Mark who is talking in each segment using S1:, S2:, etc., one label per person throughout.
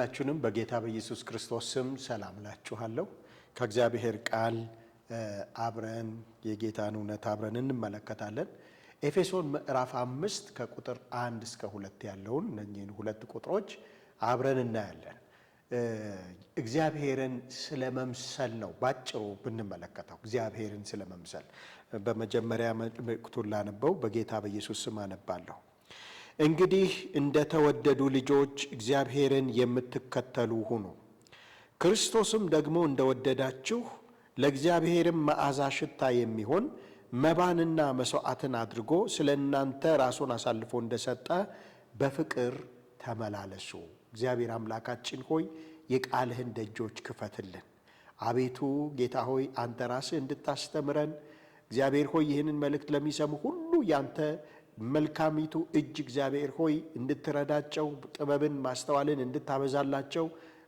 S1: ሁላችሁንም በጌታ በኢየሱስ ክርስቶስ ስም ሰላም እላችኋለሁ። ከእግዚአብሔር ቃል አብረን የጌታን እውነት አብረን እንመለከታለን። ኤፌሶን ምዕራፍ አምስት ከቁጥር አንድ እስከ ሁለት ያለውን እነዚህን ሁለት ቁጥሮች አብረን እናያለን። እግዚአብሔርን ስለ መምሰል ነው ባጭሩ ብንመለከተው፣ እግዚአብሔርን ስለ መምሰል በመጀመሪያ መልእክቱን ላነበው፣ በጌታ በኢየሱስ ስም አነባለሁ። እንግዲህ እንደ ተወደዱ ልጆች እግዚአብሔርን የምትከተሉ ሁኑ፣ ክርስቶስም ደግሞ እንደ ወደዳችሁ ለእግዚአብሔርም መዓዛ ሽታ የሚሆን መባንና መሥዋዕትን አድርጎ ስለ እናንተ ራሱን አሳልፎ እንደሰጠ በፍቅር ተመላለሱ። እግዚአብሔር አምላካችን ሆይ የቃልህን ደጆች ክፈትልን። አቤቱ ጌታ ሆይ አንተ ራስህ እንድታስተምረን እግዚአብሔር ሆይ ይህንን መልእክት ለሚሰሙ ሁሉ ያንተ መልካሚቱ እጅ እግዚአብሔር ሆይ እንድትረዳቸው ጥበብን ማስተዋልን እንድታበዛላቸው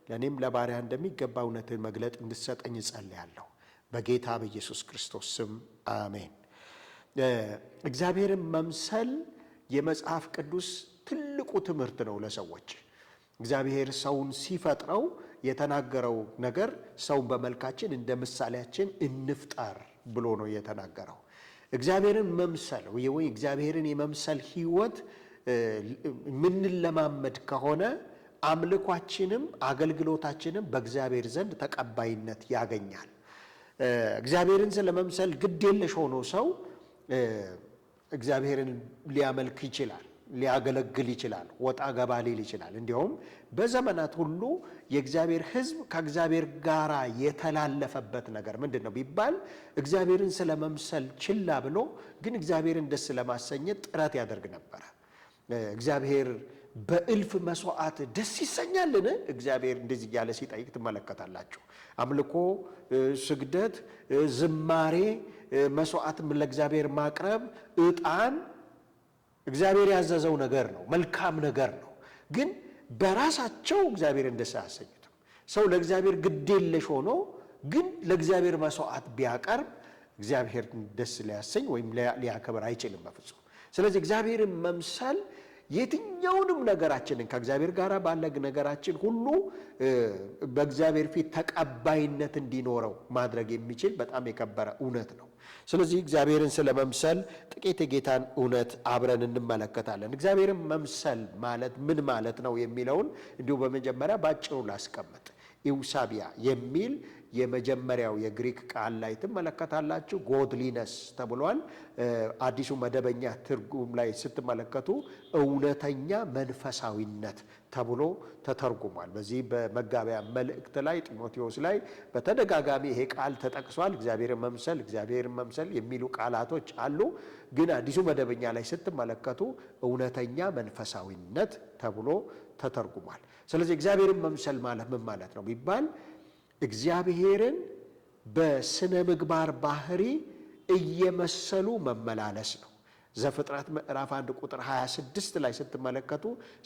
S1: ለእኔም ለባሪያ እንደሚገባ እውነትን መግለጥ እንድትሰጠኝ እጸልያለሁ። በጌታ በኢየሱስ ክርስቶስ ስም አሜን። እግዚአብሔርን መምሰል የመጽሐፍ ቅዱስ ትልቁ ትምህርት ነው ለሰዎች። እግዚአብሔር ሰውን ሲፈጥረው የተናገረው ነገር ሰውን በመልካችን እንደ ምሳሌያችን እንፍጠር ብሎ ነው የተናገረው። እግዚአብሔርን መምሰል ወይ እግዚአብሔርን የመምሰል ህይወት ምንለማመድ ከሆነ አምልኳችንም አገልግሎታችንም በእግዚአብሔር ዘንድ ተቀባይነት ያገኛል። እግዚአብሔርን ስለመምሰል ግድ የለሽ ሆኖ ሰው እግዚአብሔርን ሊያመልክ ይችላል። ሊያገለግል ይችላል። ወጣ ገባ ሊል ይችላል። እንዲያውም በዘመናት ሁሉ የእግዚአብሔር ሕዝብ ከእግዚአብሔር ጋር የተላለፈበት ነገር ምንድን ነው ቢባል እግዚአብሔርን ስለመምሰል ችላ ብሎ ግን እግዚአብሔርን ደስ ለማሰኘት ጥረት ያደርግ ነበረ። እግዚአብሔር በእልፍ መስዋዕት ደስ ይሰኛልን? እግዚአብሔር እንደዚህ እያለ ሲጠይቅ ትመለከታላችሁ። አምልኮ፣ ስግደት፣ ዝማሬ፣ መስዋዕት ለእግዚአብሔር ማቅረብ፣ እጣን እግዚአብሔር ያዘዘው ነገር ነው፣ መልካም ነገር ነው። ግን በራሳቸው እግዚአብሔርን ደስ አያሰኙትም። ሰው ለእግዚአብሔር ግዴለሽ ሆኖ ግን ለእግዚአብሔር መስዋዕት ቢያቀርብ እግዚአብሔር ደስ ሊያሰኝ ወይም ሊያከብር አይችልም በፍጹም። ስለዚህ እግዚአብሔርን መምሰል የትኛውንም ነገራችንን ከእግዚአብሔር ጋር ባለ ነገራችን ሁሉ በእግዚአብሔር ፊት ተቀባይነት እንዲኖረው ማድረግ የሚችል በጣም የከበረ እውነት ነው። ስለዚህ እግዚአብሔርን ስለ መምሰል ጥቂት የጌታን እውነት አብረን እንመለከታለን። እግዚአብሔርን መምሰል ማለት ምን ማለት ነው የሚለውን እንዲሁ በመጀመሪያ ባጭሩ ላስቀምጥ። ኢውሳቢያ የሚል የመጀመሪያው የግሪክ ቃል ላይ ትመለከታላችሁ። ጎድሊነስ ተብሏል። አዲሱ መደበኛ ትርጉም ላይ ስትመለከቱ እውነተኛ መንፈሳዊነት ተብሎ ተተርጉሟል። በዚህ በመጋቢያ መልእክት ላይ ጢሞቴዎስ ላይ በተደጋጋሚ ይሄ ቃል ተጠቅሷል። እግዚአብሔር መምሰል እግዚአብሔርን መምሰል የሚሉ ቃላቶች አሉ። ግን አዲሱ መደበኛ ላይ ስትመለከቱ እውነተኛ መንፈሳዊነት ተብሎ ተተርጉሟል። ስለዚህ እግዚአብሔርን መምሰል ማለት ምን ማለት ነው ቢባል እግዚአብሔርን በስነ ምግባር ባህሪ እየመሰሉ መመላለስ ነው። ዘፍጥረት ምዕራፍ 1 ቁጥር 26 ላይ ስትመለከቱ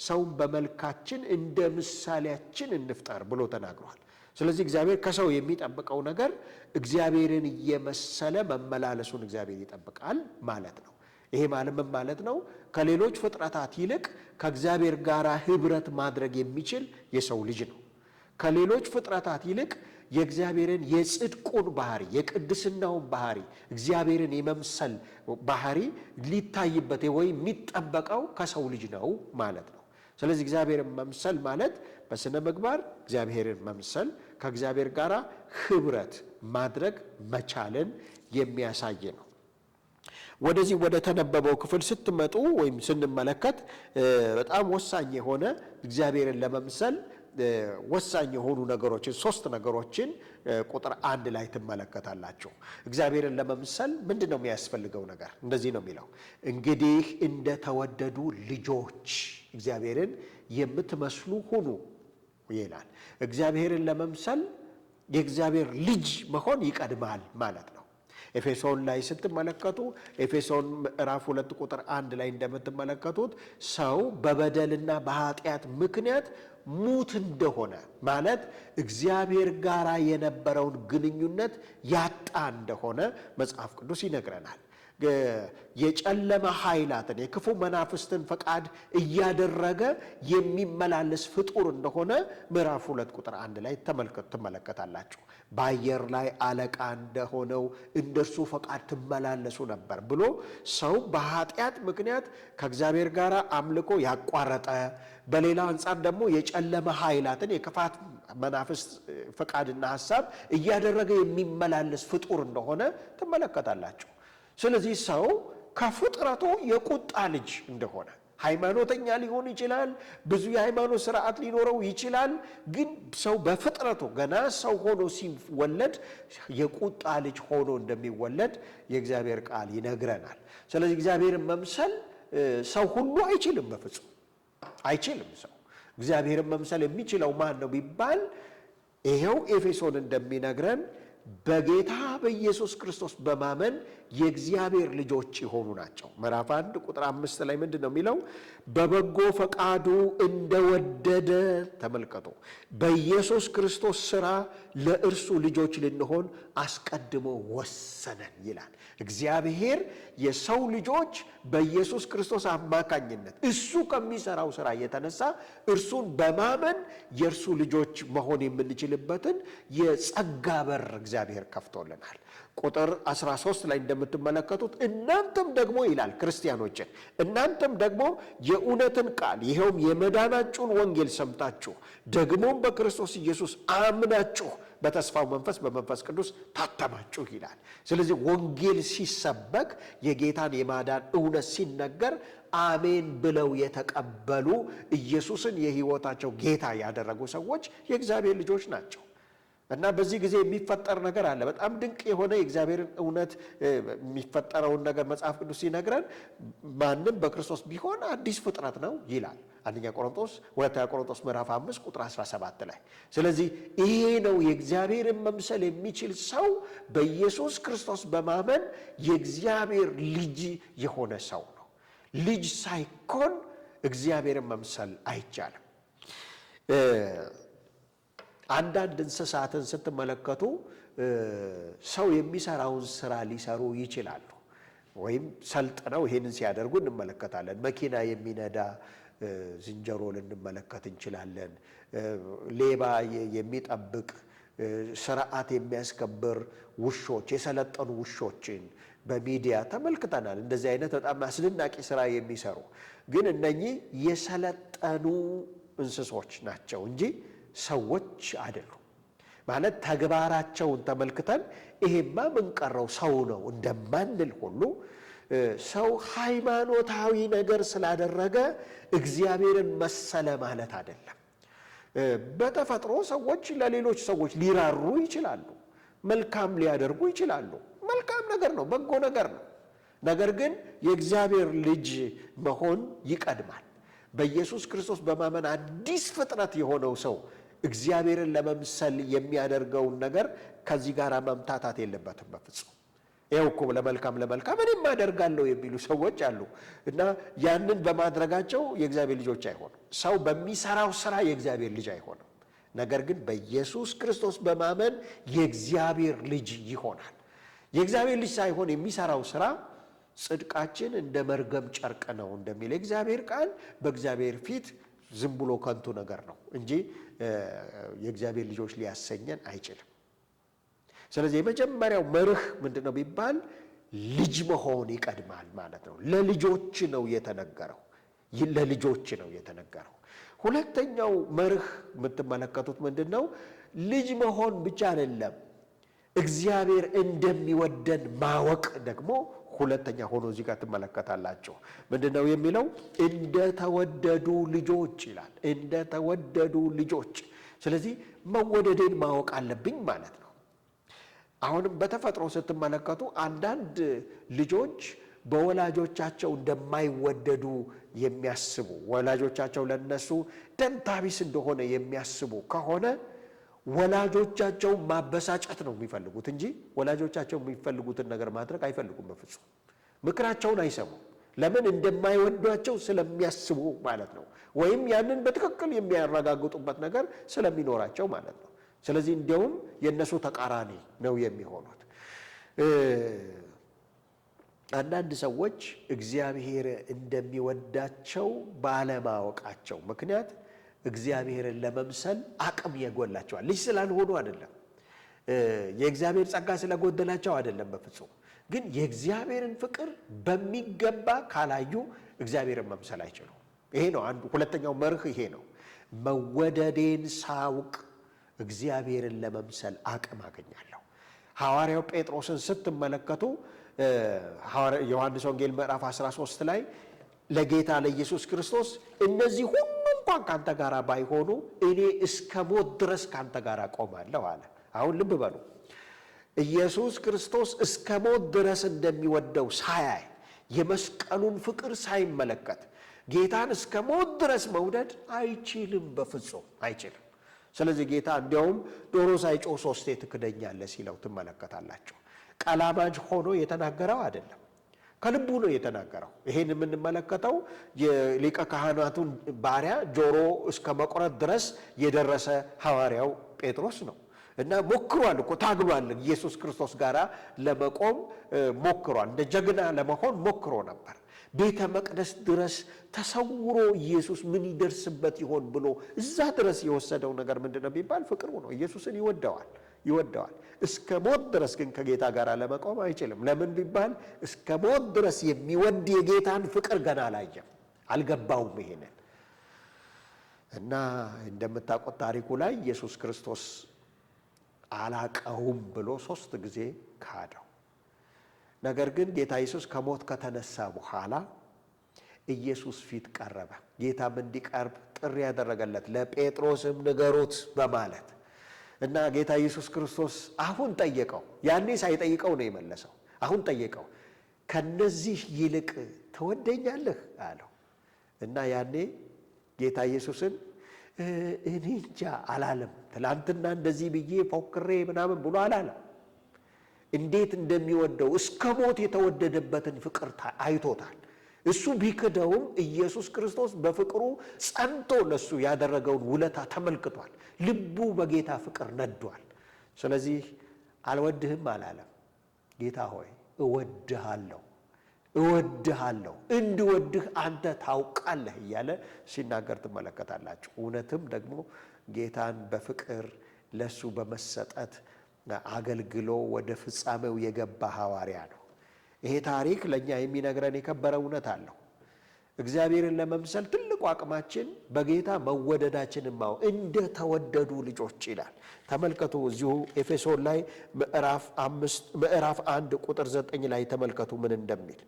S1: ሰውን በመልካችን እንደ ምሳሌያችን እንፍጠር ብሎ ተናግሯል። ስለዚህ እግዚአብሔር ከሰው የሚጠብቀው ነገር እግዚአብሔርን እየመሰለ መመላለሱን እግዚአብሔር ይጠብቃል ማለት ነው። ይሄ ማለት ምን ማለት ነው? ከሌሎች ፍጥረታት ይልቅ ከእግዚአብሔር ጋር ህብረት ማድረግ የሚችል የሰው ልጅ ነው። ከሌሎች ፍጥረታት ይልቅ የእግዚአብሔርን የጽድቁን ባህሪ የቅድስናውን ባህሪ እግዚአብሔርን የመምሰል ባህሪ ሊታይበት ወይ የሚጠበቀው ከሰው ልጅ ነው ማለት ነው። ስለዚህ እግዚአብሔርን መምሰል ማለት በስነ ምግባር እግዚአብሔርን መምሰል ከእግዚአብሔር ጋር ህብረት ማድረግ መቻልን የሚያሳይ ነው። ወደዚህ ወደ ተነበበው ክፍል ስትመጡ ወይም ስንመለከት በጣም ወሳኝ የሆነ እግዚአብሔርን ለመምሰል ወሳኝ የሆኑ ነገሮችን ሶስት ነገሮችን ቁጥር አንድ ላይ ትመለከታላችሁ። እግዚአብሔርን ለመምሰል ምንድን ነው የሚያስፈልገው ነገር? እንደዚህ ነው የሚለው እንግዲህ እንደተወደዱ ልጆች እግዚአብሔርን የምትመስሉ ሁኑ ይላል። እግዚአብሔርን ለመምሰል የእግዚአብሔር ልጅ መሆን ይቀድማል ማለት ነው። ኤፌሶን ላይ ስትመለከቱ ኤፌሶን ምዕራፍ ሁለት ቁጥር አንድ ላይ እንደምትመለከቱት ሰው በበደልና በኃጢአት ምክንያት ሙት እንደሆነ ማለት እግዚአብሔር ጋር የነበረውን ግንኙነት ያጣ እንደሆነ መጽሐፍ ቅዱስ ይነግረናል። የጨለመ ኃይላትን የክፉ መናፍስትን ፈቃድ እያደረገ የሚመላለስ ፍጡር እንደሆነ ምዕራፍ ሁለት ቁጥር አንድ ላይ ትመለከታላችሁ። በአየር ላይ አለቃ እንደሆነው እንደርሱ ፈቃድ ትመላለሱ ነበር ብሎ ሰው በኃጢአት ምክንያት ከእግዚአብሔር ጋር አምልኮ ያቋረጠ፣ በሌላ አንጻር ደግሞ የጨለመ ኃይላትን የክፋት መናፍስት ፈቃድና ሀሳብ እያደረገ የሚመላለስ ፍጡር እንደሆነ ትመለከታላችሁ። ስለዚህ ሰው ከፍጥረቱ የቁጣ ልጅ እንደሆነ ሃይማኖተኛ ሊሆን ይችላል። ብዙ የሃይማኖት ስርዓት ሊኖረው ይችላል። ግን ሰው በፍጥረቱ ገና ሰው ሆኖ ሲወለድ የቁጣ ልጅ ሆኖ እንደሚወለድ የእግዚአብሔር ቃል ይነግረናል። ስለዚህ እግዚአብሔርን መምሰል ሰው ሁሉ አይችልም፣ በፍጹም አይችልም። ሰው እግዚአብሔርን መምሰል የሚችለው ማን ነው ቢባል ይሄው ኤፌሶን እንደሚነግረን በጌታ በኢየሱስ ክርስቶስ በማመን የእግዚአብሔር ልጆች የሆኑ ናቸው። ምዕራፍ አንድ ቁጥር አምስት ላይ ምንድን ነው የሚለው? በበጎ ፈቃዱ እንደወደደ ተመልከቶ በኢየሱስ ክርስቶስ ስራ ለእርሱ ልጆች ልንሆን አስቀድሞ ወሰነን ይላል። እግዚአብሔር የሰው ልጆች በኢየሱስ ክርስቶስ አማካኝነት እሱ ከሚሰራው ስራ የተነሳ እርሱን በማመን የእርሱ ልጆች መሆን የምንችልበትን የጸጋ በር እግዚአብሔር ከፍቶልናል። ቁጥር 13 ላይ እንደምትመለከቱት እናንተም ደግሞ ይላል ክርስቲያኖችን፣ እናንተም ደግሞ የእውነትን ቃል ይኸውም የመዳናችሁን ወንጌል ሰምታችሁ ደግሞም በክርስቶስ ኢየሱስ አምናችሁ በተስፋው መንፈስ በመንፈስ ቅዱስ ታተማችሁ ይላል። ስለዚህ ወንጌል ሲሰበክ የጌታን የማዳን እውነት ሲነገር አሜን ብለው የተቀበሉ ኢየሱስን የህይወታቸው ጌታ ያደረጉ ሰዎች የእግዚአብሔር ልጆች ናቸው። እና በዚህ ጊዜ የሚፈጠር ነገር አለ። በጣም ድንቅ የሆነ የእግዚአብሔርን እውነት የሚፈጠረውን ነገር መጽሐፍ ቅዱስ ሲነግረን ማንም በክርስቶስ ቢሆን አዲስ ፍጥረት ነው ይላል አንደኛ ቆሮንቶስ ሁለተኛ ቆሮንቶስ ምዕራፍ 5 ቁጥር 17 ላይ። ስለዚህ ይሄ ነው የእግዚአብሔርን መምሰል የሚችል ሰው በኢየሱስ ክርስቶስ በማመን የእግዚአብሔር ልጅ የሆነ ሰው ነው። ልጅ ሳይኮን እግዚአብሔርን መምሰል አይቻልም። አንዳንድ እንስሳትን ስትመለከቱ ሰው የሚሰራውን ስራ ሊሰሩ ይችላሉ፣ ወይም ሰልጥነው ይሄንን ሲያደርጉ እንመለከታለን። መኪና የሚነዳ ዝንጀሮ ልንመለከት እንችላለን። ሌባ የሚጠብቅ ስርዓት የሚያስከብር ውሾች፣ የሰለጠኑ ውሾችን በሚዲያ ተመልክተናል። እንደዚህ አይነት በጣም አስደናቂ ስራ የሚሰሩ ግን እነኚህ የሰለጠኑ እንስሶች ናቸው እንጂ ሰዎች አይደሉ ማለት ተግባራቸውን ተመልክተን ይሄማ ምንቀረው ሰው ነው እንደማንል ሁሉ ሰው ሃይማኖታዊ ነገር ስላደረገ እግዚአብሔርን መሰለ ማለት አይደለም። በተፈጥሮ ሰዎች ለሌሎች ሰዎች ሊራሩ ይችላሉ። መልካም ሊያደርጉ ይችላሉ። መልካም ነገር ነው፣ በጎ ነገር ነው። ነገር ግን የእግዚአብሔር ልጅ መሆን ይቀድማል። በኢየሱስ ክርስቶስ በማመን አዲስ ፍጥረት የሆነው ሰው እግዚአብሔርን ለመምሰል የሚያደርገውን ነገር ከዚህ ጋር መምታታት የለበትም በፍጹም። ይኸው እኮ ለመልካም ለመልካም እኔም አደርጋለሁ የሚሉ ሰዎች አሉ እና ያንን በማድረጋቸው የእግዚአብሔር ልጆች አይሆኑ ሰው በሚሰራው ስራ የእግዚአብሔር ልጅ አይሆንም። ነገር ግን በኢየሱስ ክርስቶስ በማመን የእግዚአብሔር ልጅ ይሆናል። የእግዚአብሔር ልጅ ሳይሆን የሚሰራው ስራ ጽድቃችን እንደ መርገም ጨርቅ ነው እንደሚል የእግዚአብሔር ቃል በእግዚአብሔር ፊት ዝም ብሎ ከንቱ ነገር ነው እንጂ የእግዚአብሔር ልጆች ሊያሰኘን አይችልም። ስለዚህ የመጀመሪያው መርህ ምንድን ነው ቢባል ልጅ መሆን ይቀድማል ማለት ነው። ለልጆች ነው የተነገረው፣ ለልጆች ነው የተነገረው። ሁለተኛው መርህ የምትመለከቱት ምንድን ነው? ልጅ መሆን ብቻ አይደለም፣ እግዚአብሔር እንደሚወደን ማወቅ ደግሞ ሁለተኛ ሆኖ እዚህ ጋር ትመለከታላችሁ። ምንድነው የሚለው? እንደተወደዱ ልጆች ይላል። እንደተወደዱ ልጆች። ስለዚህ መወደዴን ማወቅ አለብኝ ማለት ነው። አሁንም በተፈጥሮ ስትመለከቱ አንዳንድ ልጆች በወላጆቻቸው እንደማይወደዱ የሚያስቡ ወላጆቻቸው ለነሱ ደንታቢስ እንደሆነ የሚያስቡ ከሆነ ወላጆቻቸውን ማበሳጨት ነው የሚፈልጉት እንጂ ወላጆቻቸው የሚፈልጉትን ነገር ማድረግ አይፈልጉም። በፍጹም ምክራቸውን አይሰሙም። ለምን እንደማይወዷቸው ስለሚያስቡ ማለት ነው። ወይም ያንን በትክክል የሚያረጋግጡበት ነገር ስለሚኖራቸው ማለት ነው። ስለዚህ እንዲያውም የእነሱ ተቃራኒ ነው የሚሆኑት። አንዳንድ ሰዎች እግዚአብሔር እንደሚወዳቸው ባለማወቃቸው ምክንያት እግዚአብሔርን ለመምሰል አቅም የጎላቸዋል። ልጅ ስላልሆኑ አይደለም፣ የእግዚአብሔር ጸጋ ስለጎደላቸው አይደለም። በፍጹም ግን የእግዚአብሔርን ፍቅር በሚገባ ካላዩ እግዚአብሔርን መምሰል አይችሉም። ይሄ ነው አንዱ። ሁለተኛው መርህ ይሄ ነው። መወደዴን ሳውቅ እግዚአብሔርን ለመምሰል አቅም አገኛለሁ። ሐዋርያው ጴጥሮስን ስትመለከቱ ዮሐንስ ወንጌል ምዕራፍ 13 ላይ ለጌታ ለኢየሱስ ክርስቶስ እነዚህ ሁሉ እንኳን ከአንተ ጋር ባይሆኑ እኔ እስከ ሞት ድረስ ከአንተ ጋር ቆማለሁ አለ። አሁን ልብ በሉ ኢየሱስ ክርስቶስ እስከ ሞት ድረስ እንደሚወደው ሳያይ የመስቀሉን ፍቅር ሳይመለከት ጌታን እስከ ሞት ድረስ መውደድ አይችልም፣ በፍጹም አይችልም። ስለዚህ ጌታ እንዲያውም ዶሮ ሳይጮህ ሶስቴ ትክደኛለህ ሲለው ትመለከታላቸው። ቀላማጅ ሆኖ የተናገረው አይደለም። ከልቡ ነው የተናገረው። ይሄን የምንመለከተው የሊቀ ካህናቱን ባሪያ ጆሮ እስከ መቁረጥ ድረስ የደረሰ ሐዋርያው ጴጥሮስ ነው። እና ሞክሯል እኮ ታግሏል። ኢየሱስ ክርስቶስ ጋር ለመቆም ሞክሯል። እንደ ጀግና ለመሆን ሞክሮ ነበር። ቤተ መቅደስ ድረስ ተሰውሮ ኢየሱስ ምን ይደርስበት ይሆን ብሎ እዛ ድረስ የወሰደው ነገር ምንድነው ቢባል ፍቅሩ ነው። ኢየሱስን ይወደዋል። ይወደዋል። እስከ ሞት ድረስ ግን ከጌታ ጋር ለመቆም አይችልም። ለምን ቢባል እስከ ሞት ድረስ የሚወድ የጌታን ፍቅር ገና አላየም፣ አልገባውም። ይሄንን እና እንደምታውቁት ታሪኩ ላይ ኢየሱስ ክርስቶስ አላቀውም ብሎ ሶስት ጊዜ ካደው። ነገር ግን ጌታ ኢየሱስ ከሞት ከተነሳ በኋላ ኢየሱስ ፊት ቀረበ። ጌታም እንዲቀርብ ጥሪ ያደረገለት ለጴጥሮስም ንገሩት በማለት እና ጌታ ኢየሱስ ክርስቶስ አሁን ጠየቀው። ያኔ ሳይጠይቀው ነው የመለሰው። አሁን ጠየቀው። ከነዚህ ይልቅ ትወደኛለህ አለው እና ያኔ ጌታ ኢየሱስን እኔ እንጃ አላለም። ትላንትና እንደዚህ ብዬ ፎክሬ ምናምን ብሎ አላለም። እንዴት እንደሚወደው እስከ ሞት የተወደደበትን ፍቅር አይቶታል። እሱ ቢክደውም ኢየሱስ ክርስቶስ በፍቅሩ ጸንቶ ለሱ ያደረገውን ውለታ ተመልክቷል። ልቡ በጌታ ፍቅር ነዷል። ስለዚህ አልወድህም አላለም። ጌታ ሆይ እወድሃለሁ እወድሃለሁ እንድወድህ አንተ ታውቃለህ እያለ ሲናገር ትመለከታላችሁ። እውነትም ደግሞ ጌታን በፍቅር ለሱ በመሰጠት አገልግሎ ወደ ፍጻሜው የገባ ሐዋርያ ነው። ይሄ ታሪክ ለእኛ የሚነግረን የከበረ እውነት አለው። እግዚአብሔርን ለመምሰል ትልቁ አቅማችን በጌታ መወደዳችን ማወቅ፣ እንደተወደዱ ልጆች ይላል። ተመልከቱ እዚሁ ኤፌሶን ላይ ምዕራፍ አንድ ቁጥር ዘጠኝ ላይ ተመልከቱ ምን እንደሚል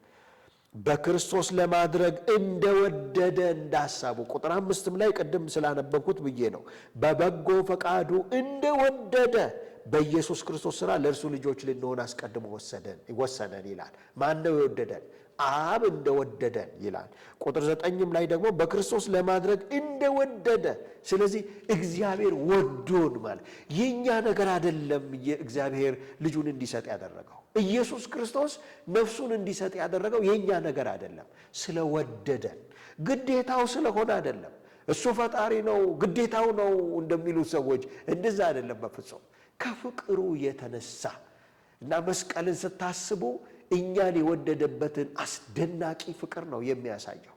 S1: በክርስቶስ ለማድረግ እንደወደደ እንዳሳቡ። ቁጥር አምስትም ላይ ቅድም ስላነበብኩት ብዬ ነው በበጎ ፈቃዱ እንደወደደ በኢየሱስ ክርስቶስ ስራ ለእርሱ ልጆች ልንሆን አስቀድሞ ወሰነን ይላል። ማን ነው የወደደን? አብ እንደወደደን ይላል። ቁጥር ዘጠኝም ላይ ደግሞ በክርስቶስ ለማድረግ እንደወደደ። ስለዚህ እግዚአብሔር ወዶን ማለት የእኛ ነገር አይደለም። እግዚአብሔር ልጁን እንዲሰጥ ያደረገው ኢየሱስ ክርስቶስ ነፍሱን እንዲሰጥ ያደረገው የእኛ ነገር አይደለም። ስለወደደን ግዴታው ስለሆነ አይደለም። እሱ ፈጣሪ ነው፣ ግዴታው ነው እንደሚሉት ሰዎች እንደዛ አይደለም በፍጹም ከፍቅሩ የተነሳ እና መስቀልን ስታስቡ እኛን የወደደበትን አስደናቂ ፍቅር ነው የሚያሳየው።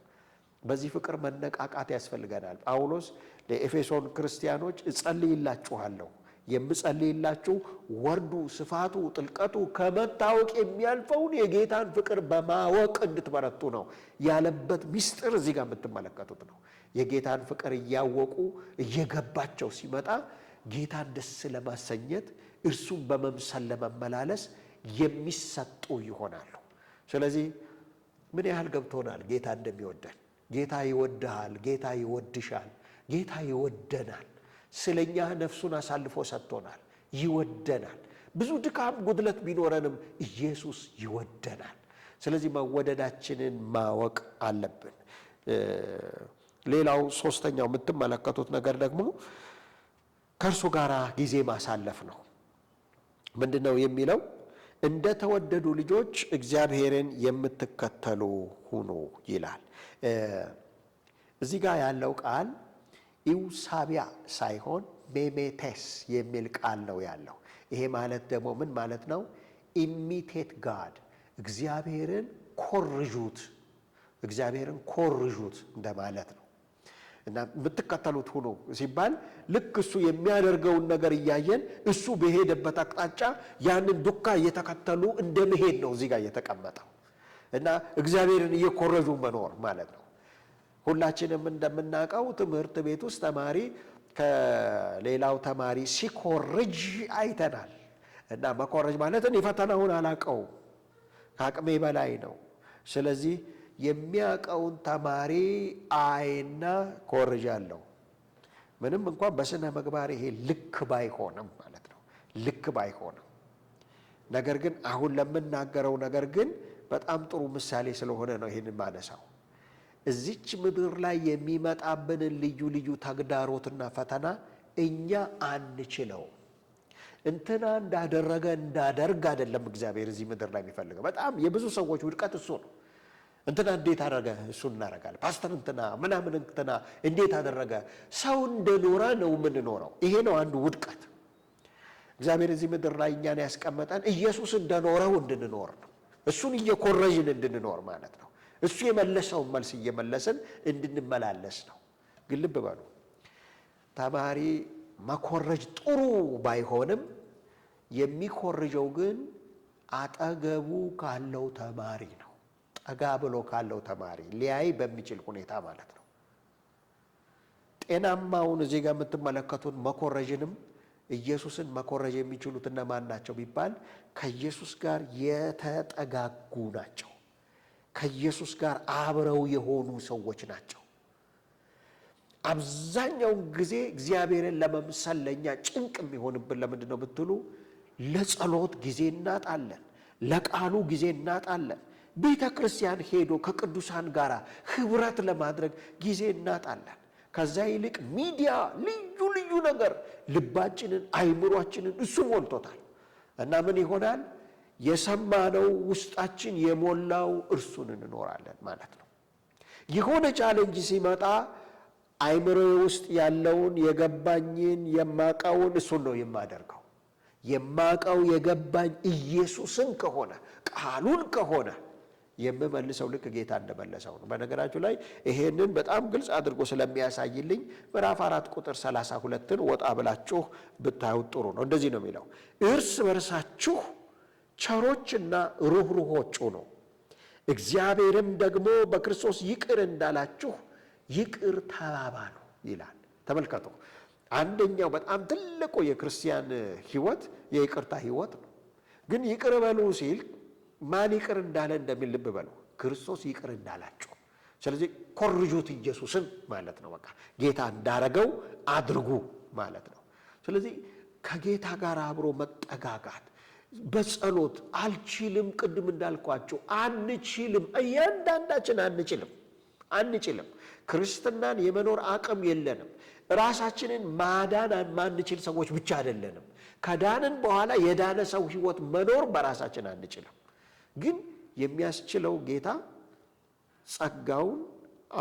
S1: በዚህ ፍቅር መነቃቃት ያስፈልገናል። ጳውሎስ ለኤፌሶን ክርስቲያኖች እጸልይላችኋለሁ፣ የምጸልይላችሁ ወርዱ፣ ስፋቱ፣ ጥልቀቱ ከመታወቅ የሚያልፈውን የጌታን ፍቅር በማወቅ እንድትበረቱ ነው ያለበት ምስጢር እዚህ ጋር የምትመለከቱት ነው። የጌታን ፍቅር እያወቁ እየገባቸው ሲመጣ ጌታን ደስ ለማሰኘት እርሱን በመምሰል ለመመላለስ የሚሰጡ ይሆናሉ። ስለዚህ ምን ያህል ገብቶናል? ጌታ እንደሚወደን ጌታ ይወድሃል፣ ጌታ ይወድሻል፣ ጌታ ይወደናል። ስለኛ ነፍሱን አሳልፎ ሰጥቶናል፣ ይወደናል። ብዙ ድካም፣ ጉድለት ቢኖረንም ኢየሱስ ይወደናል። ስለዚህ መወደዳችንን ማወቅ አለብን። ሌላው ሶስተኛው የምትመለከቱት ነገር ደግሞ ከእርሱ ጋር ጊዜ ማሳለፍ ነው። ምንድን ነው የሚለው? እንደ ተወደዱ ልጆች እግዚአብሔርን የምትከተሉ ሁኑ ይላል። እዚህ ጋር ያለው ቃል ኢውሳቢያ ሳይሆን ሜሜቴስ የሚል ቃል ነው ያለው። ይሄ ማለት ደግሞ ምን ማለት ነው? ኢሚቴት ጋድ እግዚአብሔርን ኮርዡት፣ እግዚአብሔርን ኮርዡት እንደማለት ነው። እና የምትከተሉት ሁኑ ሲባል ልክ እሱ የሚያደርገውን ነገር እያየን እሱ በሄደበት አቅጣጫ ያንን ዱካ እየተከተሉ እንደ መሄድ ነው እዚህ ጋር እየተቀመጠው እና እግዚአብሔርን እየኮረጁ መኖር ማለት ነው። ሁላችንም እንደምናውቀው ትምህርት ቤት ውስጥ ተማሪ ከሌላው ተማሪ ሲኮርጅ አይተናል። እና መኮረጅ ማለት እኔ ፈተናውን አላቀው ከአቅሜ በላይ ነው ስለዚህ የሚያውቀውን ተማሪ አይና ኮርጃለሁ። ምንም እንኳን በስነ ምግባር ይሄ ልክ ባይሆንም ማለት ነው፣ ልክ ባይሆንም ነገር ግን አሁን ለምናገረው ነገር ግን በጣም ጥሩ ምሳሌ ስለሆነ ነው ይህንን ማነሳው። እዚች ምድር ላይ የሚመጣብንን ልዩ ልዩ ተግዳሮትና ፈተና እኛ አንችለው እንትና እንዳደረገ እንዳደርግ አይደለም እግዚአብሔር እዚህ ምድር ላይ የሚፈልገው። በጣም የብዙ ሰዎች ውድቀት እሱ ነው። እንትና እንዴት አደረገ፣ እሱ እናደርጋለን። ፓስተር እንትና ምናምን እንትና እንዴት አደረገ። ሰው እንደኖረ ነው የምንኖረው። ይሄ ነው አንዱ ውድቀት። እግዚአብሔር እዚህ ምድር ላይ እኛን ያስቀመጠን ኢየሱስ እንደኖረው እንድንኖር ነው። እሱን እየኮረዥን እንድንኖር ማለት ነው። እሱ የመለሰውን መልስ እየመለስን እንድንመላለስ ነው። ግን ልብ በሉ ተማሪ መኮረጅ ጥሩ ባይሆንም የሚኮርጀው ግን አጠገቡ ካለው ተማሪ ነው። ጠጋ ብሎ ካለው ተማሪ ሊያይ በሚችል ሁኔታ ማለት ነው። ጤናማውን እዚህ ጋር የምትመለከቱን መኮረዥንም ኢየሱስን መኮረዥ የሚችሉት እነማን ናቸው ቢባል ከኢየሱስ ጋር የተጠጋጉ ናቸው። ከኢየሱስ ጋር አብረው የሆኑ ሰዎች ናቸው። አብዛኛውን ጊዜ እግዚአብሔርን ለመምሰል ለእኛ ጭንቅ የሚሆንብን ለምንድን ነው ብትሉ፣ ለጸሎት ጊዜ እናጣለን፣ ለቃሉ ጊዜ እናጣለን። ቤተ ክርስቲያን ሄዶ ከቅዱሳን ጋር ህብረት ለማድረግ ጊዜ እናጣለን። ከዛ ይልቅ ሚዲያ ልዩ ልዩ ነገር ልባችንን፣ አይምሯችንን እሱ ሞልቶታል እና ምን ይሆናል? የሰማነው ውስጣችን የሞላው እርሱን እንኖራለን ማለት ነው። የሆነ ቻለንጅ ሲመጣ አይምሮ ውስጥ ያለውን የገባኝን የማቀውን እሱን ነው የማደርገው። የማቀው የገባኝ ኢየሱስን ከሆነ ቃሉን ከሆነ የምመልሰው ልክ ጌታ እንደመለሰው ነው። በነገራችሁ ላይ ይሄንን በጣም ግልጽ አድርጎ ስለሚያሳይልኝ ምዕራፍ አራት ቁጥር ሰላሳ ሁለትን ወጣ ብላችሁ ብታዩት ጥሩ ነው። እንደዚህ ነው የሚለው እርስ በርሳችሁ ቸሮችና ሩኅሩኆች ሁኑ፣ እግዚአብሔርም ደግሞ በክርስቶስ ይቅር እንዳላችሁ ይቅር ተባባሉ ይላል። ተመልከቱ፣ አንደኛው በጣም ትልቁ የክርስቲያን ህይወት የይቅርታ ህይወት ነው። ግን ይቅር በሉ ሲል ማን ይቅር እንዳለ እንደሚል ልብ በሉ። ክርስቶስ ይቅር እንዳላቸው ስለዚህ ኮርጁት ኢየሱስን ማለት ነው። በቃ ጌታ እንዳረገው አድርጉ ማለት ነው። ስለዚህ ከጌታ ጋር አብሮ መጠጋጋት በጸሎት አልችልም። ቅድም እንዳልኳቸው አንችልም፣ እያንዳንዳችን አንችልም አንችልም። ክርስትናን የመኖር አቅም የለንም። ራሳችንን ማዳን ማንችል ሰዎች ብቻ አይደለንም። ከዳንን በኋላ የዳነ ሰው ሕይወት መኖር በራሳችን አንችልም። ግን የሚያስችለው ጌታ ጸጋውን፣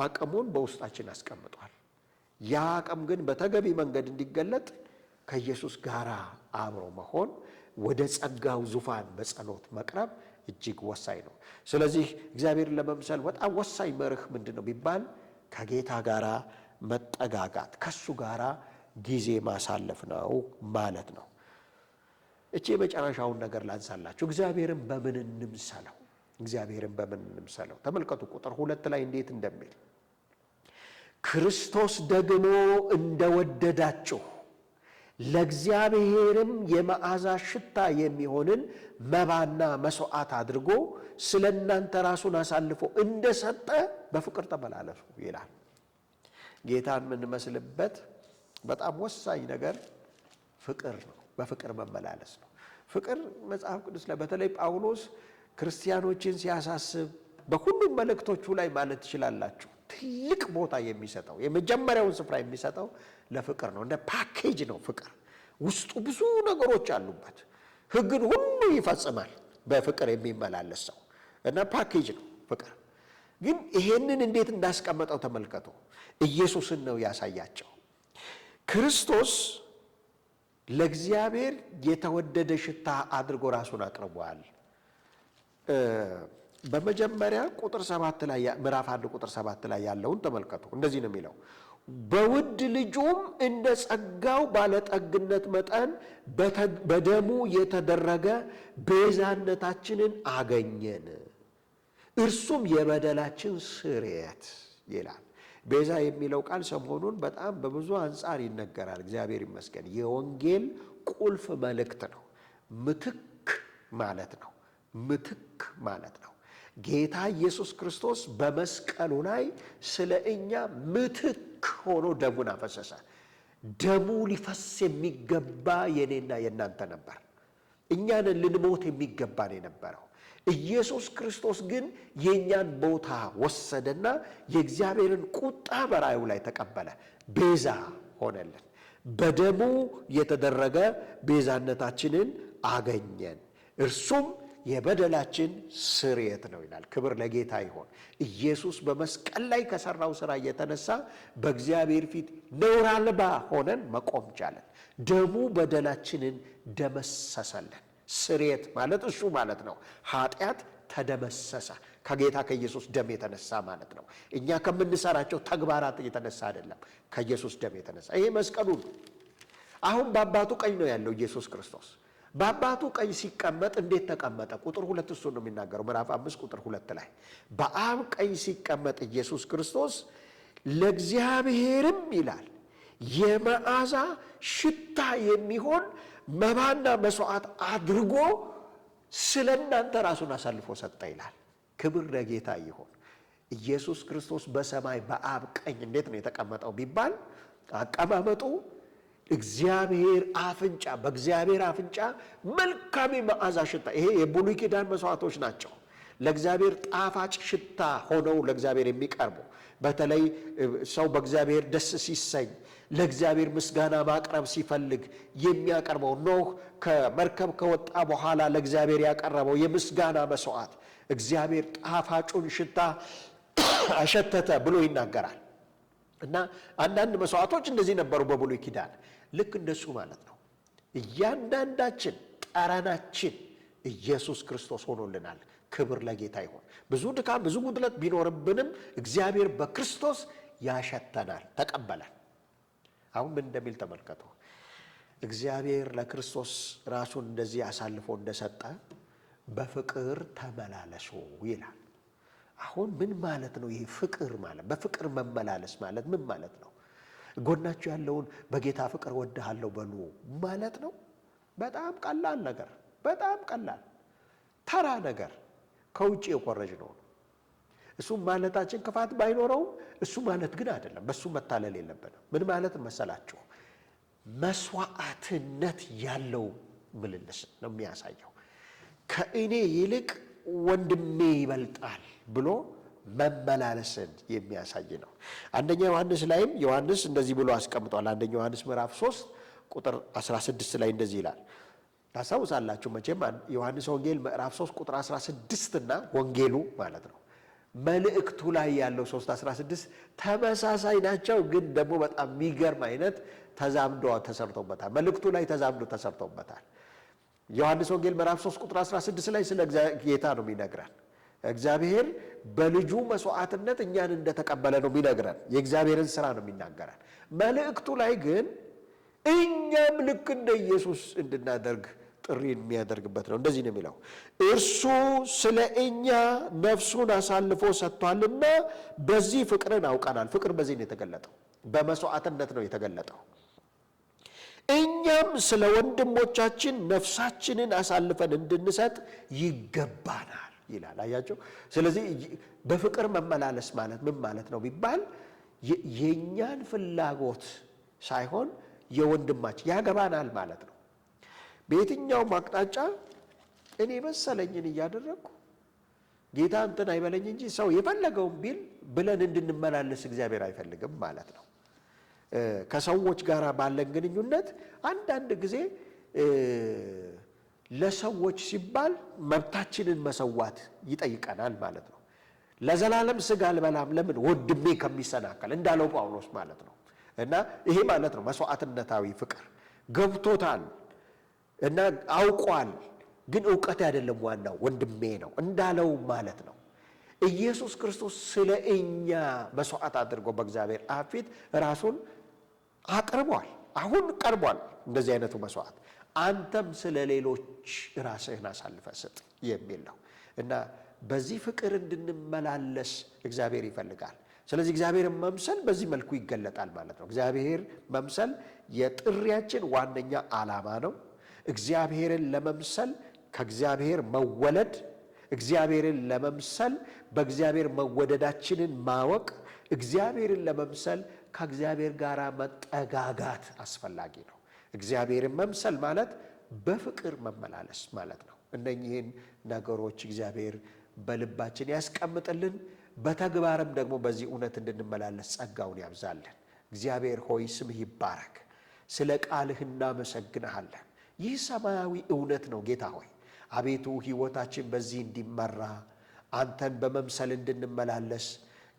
S1: አቅሙን በውስጣችን አስቀምጧል። ያ አቅም ግን በተገቢ መንገድ እንዲገለጥ ከኢየሱስ ጋር አብሮ መሆን፣ ወደ ጸጋው ዙፋን በጸሎት መቅረብ እጅግ ወሳኝ ነው። ስለዚህ እግዚአብሔርን ለመምሰል በጣም ወሳኝ መርህ ምንድን ነው ቢባል ከጌታ ጋር መጠጋጋት፣ ከሱ ጋር ጊዜ ማሳለፍ ነው ማለት ነው። እቺ የመጨረሻውን ነገር ላንሳላችሁ። እግዚአብሔርን በምን እንምሰለው? እግዚአብሔርን በምን እንምሰለው? ተመልከቱ ቁጥር ሁለት ላይ እንዴት እንደሚል ክርስቶስ ደግሞ እንደወደዳችሁ ለእግዚአብሔርም የመዓዛ ሽታ የሚሆንን መባና መስዋዕት አድርጎ ስለ እናንተ ራሱን አሳልፎ እንደሰጠ በፍቅር ተመላለሱ ይላል። ጌታን የምንመስልበት በጣም ወሳኝ ነገር ፍቅር ነው። በፍቅር መመላለስ ነው። ፍቅር መጽሐፍ ቅዱስ ላይ በተለይ ጳውሎስ ክርስቲያኖችን ሲያሳስብ በሁሉም መልእክቶቹ ላይ ማለት ትችላላችሁ ትልቅ ቦታ የሚሰጠው የመጀመሪያውን ስፍራ የሚሰጠው ለፍቅር ነው። እንደ ፓኬጅ ነው ፍቅር። ውስጡ ብዙ ነገሮች አሉበት። ሕግን ሁሉ ይፈጽማል በፍቅር የሚመላለስ ሰው እና ፓኬጅ ነው ፍቅር። ግን ይሄንን እንዴት እንዳስቀመጠው ተመልከቱ። ኢየሱስን ነው ያሳያቸው ክርስቶስ ለእግዚአብሔር የተወደደ ሽታ አድርጎ ራሱን አቅርቧል። በመጀመሪያ ቁጥር ሰባት ላይ ምዕራፍ አንድ ቁጥር ሰባት ላይ ያለውን ተመልከቱ። እንደዚህ ነው የሚለው በውድ ልጁም እንደ ጸጋው ባለጠግነት መጠን በደሙ የተደረገ ቤዛነታችንን አገኘን፣ እርሱም የበደላችን ስርየት ይላል። ቤዛ የሚለው ቃል ሰሞኑን በጣም በብዙ አንጻር ይነገራል። እግዚአብሔር ይመስገን። የወንጌል ቁልፍ መልእክት ነው። ምትክ ማለት ነው። ምትክ ማለት ነው። ጌታ ኢየሱስ ክርስቶስ በመስቀሉ ላይ ስለ እኛ ምትክ ሆኖ ደሙን አፈሰሰ። ደሙ ሊፈስ የሚገባ የኔና የእናንተ ነበር። እኛንን ልንሞት የሚገባን የነበረው ኢየሱስ ክርስቶስ ግን የእኛን ቦታ ወሰደና የእግዚአብሔርን ቁጣ በራዩ ላይ ተቀበለ። ቤዛ ሆነልን። በደሙ የተደረገ ቤዛነታችንን አገኘን። እርሱም የበደላችን ስርየት ነው ይላል። ክብር ለጌታ ይሆን። ኢየሱስ በመስቀል ላይ ከሰራው ስራ እየተነሳ በእግዚአብሔር ፊት ነውር አልባ ሆነን መቆም ቻለን። ደሙ በደላችንን ደመሰሰለን። ስሬት ማለት እሱ ማለት ነው። ኃጢአት ተደመሰሰ ከጌታ ከኢየሱስ ደም የተነሳ ማለት ነው። እኛ ከምንሰራቸው ተግባራት የተነሳ አይደለም፣ ከኢየሱስ ደም የተነሳ ይሄ መስቀሉ ነው። አሁን በአባቱ ቀኝ ነው ያለው ኢየሱስ ክርስቶስ። በአባቱ ቀኝ ሲቀመጥ እንዴት ተቀመጠ? ቁጥር ሁለት እሱ ነው የሚናገረው ምዕራፍ አምስት ቁጥር ሁለት ላይ በአብ ቀኝ ሲቀመጥ ኢየሱስ ክርስቶስ ለእግዚአብሔርም ይላል የመዓዛ ሽታ የሚሆን መባና መስዋዕት አድርጎ ስለ እናንተ ራሱን አሳልፎ ሰጠ ይላል። ክብር ለጌታ ይሁን። ኢየሱስ ክርስቶስ በሰማይ በአብ ቀኝ እንዴት ነው የተቀመጠው ቢባል አቀማመጡ እግዚአብሔር አፍንጫ በእግዚአብሔር አፍንጫ መልካሚ መዓዛ ሽታ ይሄ የብሉይ ኪዳን መስዋዕቶች ናቸው። ለእግዚአብሔር ጣፋጭ ሽታ ሆነው ለእግዚአብሔር የሚቀርቡ በተለይ ሰው በእግዚአብሔር ደስ ሲሰኝ ለእግዚአብሔር ምስጋና ማቅረብ ሲፈልግ የሚያቀርበው ኖህ ከመርከብ ከወጣ በኋላ ለእግዚአብሔር ያቀረበው የምስጋና መስዋዕት እግዚአብሔር ጣፋጩን ሽታ አሸተተ ብሎ ይናገራል እና አንዳንድ መስዋዕቶች እንደዚህ ነበሩ በብሉይ ኪዳን ልክ እንደሱ ማለት ነው እያንዳንዳችን ጠረናችን ኢየሱስ ክርስቶስ ሆኖልናል ክብር ለጌታ ይሁን። ብዙ ድካም፣ ብዙ ጉድለት ቢኖርብንም እግዚአብሔር በክርስቶስ ያሸተናል፣ ተቀበላል። አሁን ምን እንደሚል ተመልከቱ። እግዚአብሔር ለክርስቶስ ራሱን እንደዚህ አሳልፎ እንደሰጠ በፍቅር ተመላለሱ ይላል። አሁን ምን ማለት ነው? ይሄ ፍቅር ማለት በፍቅር መመላለስ ማለት ምን ማለት ነው? ጎናችሁ ያለውን በጌታ ፍቅር ወድሃለሁ በሉ ማለት ነው። በጣም ቀላል ነገር፣ በጣም ቀላል ተራ ነገር ከውጭ የቆረጅ ነው። እሱ ማለታችን ክፋት ባይኖረው እሱ ማለት ግን አይደለም። በሱ መታለል የለብንም። ምን ማለት መሰላችሁ? መስዋዕትነት ያለው ምልልስ ነው የሚያሳየው። ከእኔ ይልቅ ወንድሜ ይበልጣል ብሎ መመላለስን የሚያሳይ ነው። አንደኛ ዮሐንስ ላይም ዮሐንስ እንደዚህ ብሎ አስቀምጧል። አንደኛ ዮሐንስ ምዕራፍ 3 ቁጥር 16 ላይ እንደዚህ ይላል ታስታውሳላችሁ መቼም ዮሐንስ ወንጌል ምዕራፍ 3 ቁጥር 16 እና ወንጌሉ ማለት ነው መልእክቱ ላይ ያለው 3:16 ተመሳሳይ ናቸው፣ ግን ደግሞ በጣም የሚገርም አይነት ተዛምዶ ተሰርቶበታል። መልእክቱ ላይ ተዛምዶ ተሰርቶበታል። ዮሐንስ ወንጌል ምዕራፍ 3 ቁጥር 16 ላይ ስለ ጌታ ነው የሚነግረን። እግዚአብሔር በልጁ መስዋዕትነት እኛን እንደተቀበለ ነው የሚነግረን። የእግዚአብሔርን ስራ ነው የሚናገረን። መልእክቱ ላይ ግን እኛም ልክ እንደ ኢየሱስ እንድናደርግ ጥሪ የሚያደርግበት ነው። እንደዚህ ነው የሚለው እርሱ ስለ እኛ ነፍሱን አሳልፎ ሰጥቷልና በዚህ ፍቅርን አውቀናል። ፍቅር በዚህ ነው የተገለጠው፣ በመስዋዕትነት ነው የተገለጠው። እኛም ስለ ወንድሞቻችን ነፍሳችንን አሳልፈን እንድንሰጥ ይገባናል ይላል። አያቸው። ስለዚህ በፍቅር መመላለስ ማለት ምን ማለት ነው ቢባል የእኛን ፍላጎት ሳይሆን የወንድማችን ያገባናል ማለት ነው በየትኛውም አቅጣጫ እኔ የመሰለኝን እያደረግኩ ጌታ እንትን አይበለኝ እንጂ ሰው የፈለገውን ቢል ብለን እንድንመላለስ እግዚአብሔር አይፈልግም ማለት ነው። ከሰዎች ጋር ባለን ግንኙነት አንዳንድ ጊዜ ለሰዎች ሲባል መብታችንን መሰዋት ይጠይቀናል ማለት ነው። ለዘላለም ስጋ አልበላም ለምን ወንድሜ ከሚሰናከል እንዳለው ጳውሎስ ማለት ነው። እና ይሄ ማለት ነው መስዋዕትነታዊ ፍቅር ገብቶታል። እና አውቋል፣ ግን እውቀት አይደለም ዋናው ወንድሜ ነው እንዳለው ማለት ነው። ኢየሱስ ክርስቶስ ስለ እኛ መስዋዕት አድርጎ በእግዚአብሔር አብ ፊት ራሱን አቅርቧል። አሁን ቀርቧል እንደዚህ አይነቱ መስዋዕት። አንተም ስለ ሌሎች ራስህን አሳልፈ ስጥ የሚል ነው እና በዚህ ፍቅር እንድንመላለስ እግዚአብሔር ይፈልጋል። ስለዚህ እግዚአብሔርን መምሰል በዚህ መልኩ ይገለጣል ማለት ነው። እግዚአብሔር መምሰል የጥሪያችን ዋነኛ ዓላማ ነው። እግዚአብሔርን ለመምሰል ከእግዚአብሔር መወለድ እግዚአብሔርን ለመምሰል በእግዚአብሔር መወደዳችንን ማወቅ እግዚአብሔርን ለመምሰል ከእግዚአብሔር ጋር መጠጋጋት አስፈላጊ ነው። እግዚአብሔርን መምሰል ማለት በፍቅር መመላለስ ማለት ነው። እነኚህን ነገሮች እግዚአብሔር በልባችን ያስቀምጥልን፣ በተግባርም ደግሞ በዚህ እውነት እንድንመላለስ ጸጋውን ያብዛልን። እግዚአብሔር ሆይ ስምህ ይባረክ። ስለ ቃልህ እናመሰግንሃለን። ይህ ሰማያዊ እውነት ነው። ጌታ ሆይ አቤቱ ሕይወታችን በዚህ እንዲመራ አንተን በመምሰል እንድንመላለስ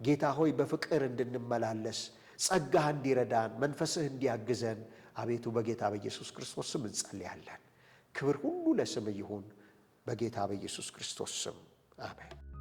S1: ጌታ ሆይ በፍቅር እንድንመላለስ ጸጋህ እንዲረዳን መንፈስህ እንዲያግዘን አቤቱ በጌታ በኢየሱስ ክርስቶስ ስም እንጸልያለን። ክብር ሁሉ ለስም ይሁን። በጌታ በኢየሱስ ክርስቶስ ስም አሜን።